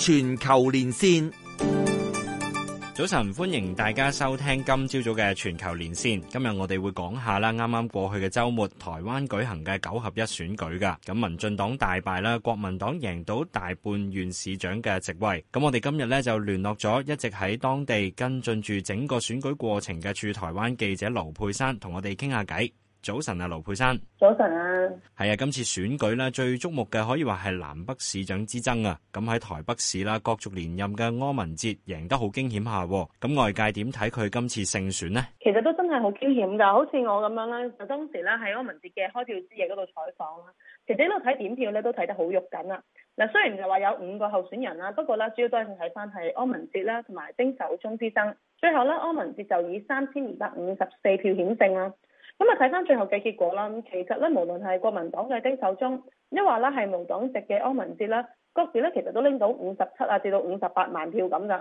全球連線，早晨，歡迎大家收聽今朝早嘅全球連線。今日我哋會講下啦，啱啱過去嘅周末，台灣舉行嘅九合一選舉噶，咁民進黨大敗啦，國民黨贏到大半縣市長嘅職位。咁我哋今日咧就聯絡咗一直喺當地跟進住整個選舉過程嘅駐台灣記者盧佩珊，同我哋傾下偈。早晨啊，盧佩珊。早晨啊。係啊，今次選舉咧最矚目嘅可以話係南北市長之爭啊。咁喺台北市啦，角逐連任嘅柯文哲贏得好驚險下。咁外界點睇佢今次勝選咧？其實都真係好驚險噶，好似我咁樣咧，當時咧喺柯文哲嘅開票之夜嗰度採訪啦，其實喺度睇點票咧都睇得好肉緊啦。嗱，雖然就話有五個候選人啦，不過咧主要都係要睇翻係柯文哲啦同埋丁守中之爭。最後咧柯文哲就以三千二百五十四票險勝啦。咁啊，睇翻最後嘅結果啦。其實咧，無論係國民黨嘅丁守中，一話啦係無黨籍嘅柯文哲啦，嗰時咧其實都拎到五十七啊至到五十八萬票咁噶。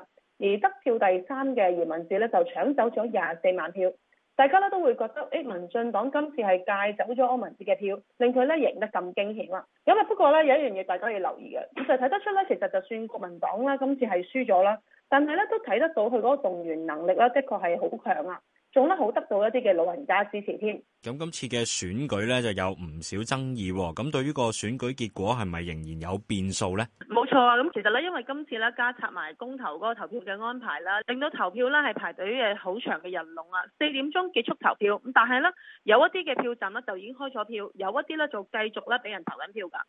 而得票第三嘅姚文智咧就搶走咗廿四萬票。大家咧都會覺得，誒民進黨今次係戒走咗柯文哲嘅票，令佢咧贏得咁驚險啦。咁啊不過咧有一樣嘢大家要留意嘅，就係睇得出咧，其實就算國民黨啦，今次係輸咗啦，但係咧都睇得到佢嗰個動員能力咧，的確係好強啊。做得好，得到一啲嘅老人家支持添。咁今次嘅選舉咧就有唔少爭議，咁對於個選舉結果係咪仍然有變數呢？冇錯啊！咁其實咧，因為今次咧加插埋公投嗰個投票嘅安排啦，令到投票咧係排隊嘅好長嘅人龍啊。四點鐘結束投票，咁但係呢，有一啲嘅票站呢，就已經開咗票，有一啲咧就繼續咧俾人投緊票噶。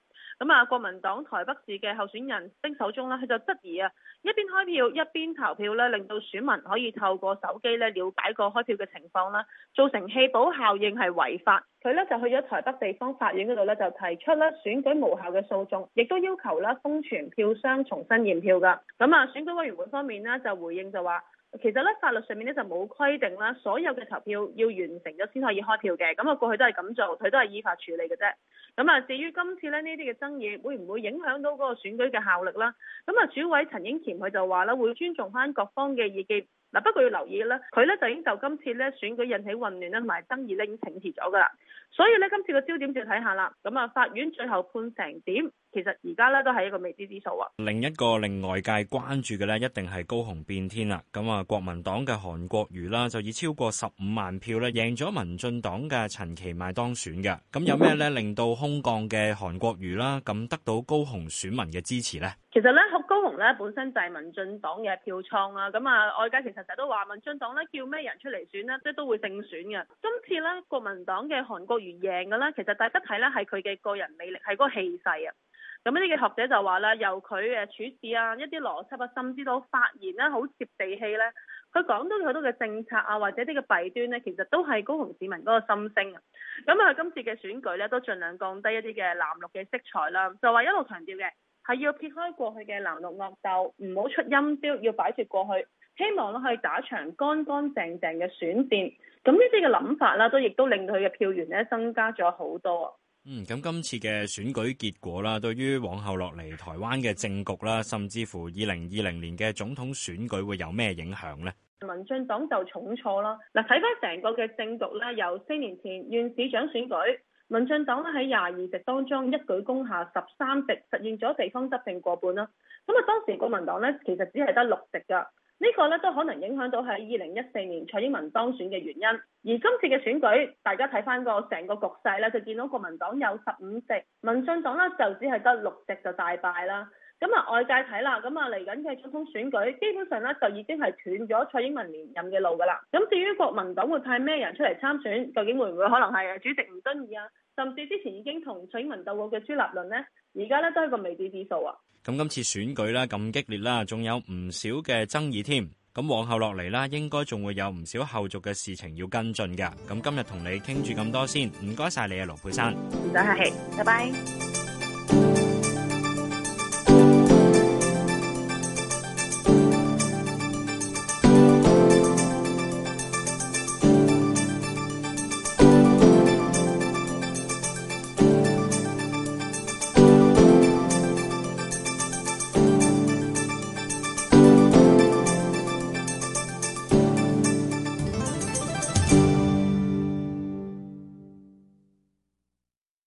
咁啊，國民黨台北市嘅候選人丁守中呢，佢就質疑啊，一邊開票一邊投票咧，令到選民可以透過手機咧了解個開票嘅情況啦，造成棄保效應。係違法，佢咧就去咗台北地方法院嗰度咧，就提出咧選舉無效嘅訴訟，亦都要求啦封存票箱重新驗票㗎。咁啊，選舉委員會方面呢就回應就話，其實咧法律上面咧就冇規定啦，所有嘅投票要完成咗先可以開票嘅。咁啊，過去都係咁做，佢都係依法處理嘅啫。咁啊，至於今次咧呢啲嘅爭議，會唔會影響到嗰個選舉嘅效力啦？咁啊，主委陳英銓佢就話咧會尊重返各方嘅意見。嗱，不過要留意咧，佢咧就已經就今次咧選舉引起混亂咧同埋爭議咧已經請辭咗㗎喇，所以咧今次個焦點就要睇下啦。咁啊，法院最後判成點，其實而家咧都係一個未知之數啊。另一個令外界關注嘅咧，一定係高雄變天啦。咁啊，國民黨嘅韓國瑜啦，就以超過十五萬票咧贏咗民進黨嘅陳其邁當選嘅。咁有咩咧令到空降嘅韓國瑜啦，咁得到高雄選民嘅支持咧？其實咧，學高雄咧本身就係民進黨嘅票倉啦。咁啊，外界其實成日都話民進黨咧叫咩人出嚟選呢，即係都會勝選嘅。今次咧，國民黨嘅韓國瑜贏嘅咧，其實大家睇咧係佢嘅個人魅力，係嗰個氣勢啊。咁呢啲嘅學者就話啦，由佢嘅處事啊，一啲邏輯啊，甚至到發言咧，好接地氣咧。佢講到好多嘅政策啊，或者呢個弊端咧，其實都係高雄市民嗰個心聲啊。咁啊，佢今次嘅選舉咧，都盡量降低一啲嘅藍綠嘅色彩啦，就話一路強調嘅。係要撇開過去嘅藍綠惡鬥，唔好出陰招，要擺脱過去。希望去打場乾乾淨淨嘅選戰。咁呢啲嘅諗法啦，都亦都令佢嘅票源咧增加咗好多。嗯，咁今次嘅選舉結果啦，對於往後落嚟台灣嘅政局啦，甚至乎二零二零年嘅總統選舉會有咩影響呢？民進黨就重錯啦。嗱，睇翻成個嘅政局咧，由四年前縣市長選舉，民進黨咧，喺廿二席當中一舉攻下十三席，實現咗地方執政過半啦。咁啊當時國民黨咧，其實只係得六席噶，呢個咧都可能影響到喺二零一四年蔡英文當選嘅原因。而今次嘅選舉，大家睇翻個成個局勢咧，就見到國民黨有十五席，民進黨咧就只係得六席，就大敗啦。咁啊，外界睇啦，咁啊嚟緊嘅總統選舉，基本上咧就已經係斷咗蔡英文連任嘅路㗎啦。咁至於國民黨會派咩人出嚟參選，究竟會唔會可能係主席吳敦義啊？甚至之前已經同蔡英文鬥過嘅朱立倫咧，而家咧都係個未知之數啊。咁今次選舉咧咁激烈啦，仲有唔少嘅爭議添。咁往後落嚟啦，應該仲會有唔少後續嘅事情要跟進㗎。咁今日同你傾住咁多先，唔該曬你啊，盧佩珊。唔使客氣。拜拜。